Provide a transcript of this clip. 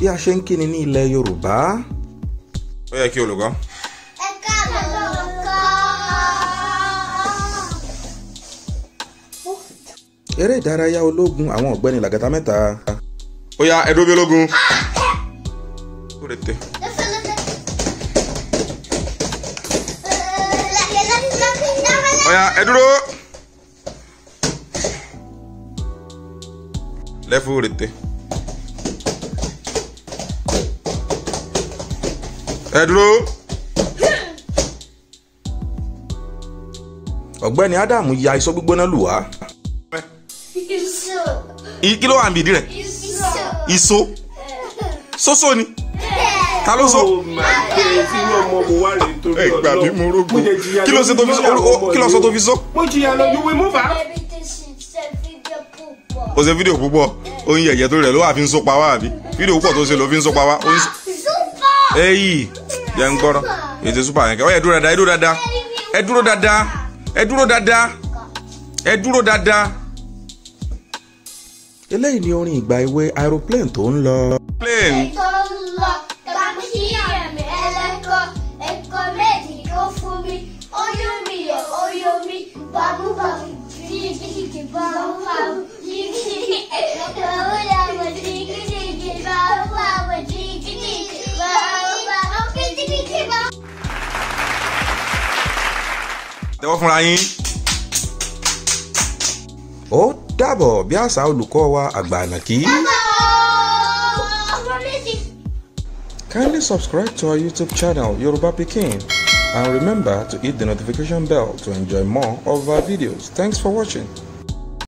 bí a ṣe ń kíni ní ilẹ̀ yorùbá. ó yẹ kí olùkọ́. ẹ káàbọ̀ olùkọ́. eré ìdárayá ológun àwọn ọ̀gbẹ́ni làgàtà mẹ́ta. ó yá ẹ̀dùn omi ológun. ó lè tẹ̀. ó yá ẹ dúró. lẹ́fù rètè. ẹ dúró. ọ̀gbẹ́ni ádámù ya iṣọ́ gbígbóná lù wá. kí ló wà níbi ìdí rẹ̀ iṣó ṣóṣó ni ta ló sọ. Oh, ẹ gbà mí mo rógbó kí ló sọ tó fi sọ. mo jìyà lọ yúwe mú bá. o ṣe fídíò púpọ̀ oyin yẹ̀yẹ́ tó rẹ̀ ló wà fi ń sọ wá àbí fídíò púpọ̀ tó ṣe ló fi ń sọ pa wá. èyí jẹ́ ń gbọ́rọ̀ ètò super kẹ̀kẹ́ ọ̀yẹ́ dúró dáadáa ẹ dúró dáadáa ẹ dúró dáadáa ẹ dúró dáadáa ẹ dúró dáadáa. eléyìí ni orin ìgbà èwe aeroplane tó ń lọ. plane. tó tẹ́wọ́ fúnra yín. ó dàbọ̀ bí àṣà olùkọ́ wa àgbà ànàkí. Kindly subscribe to our YouTube channel Yoruba Pikin and remember to hit the notification bell to enjoy more of our videos. Thanks for watching.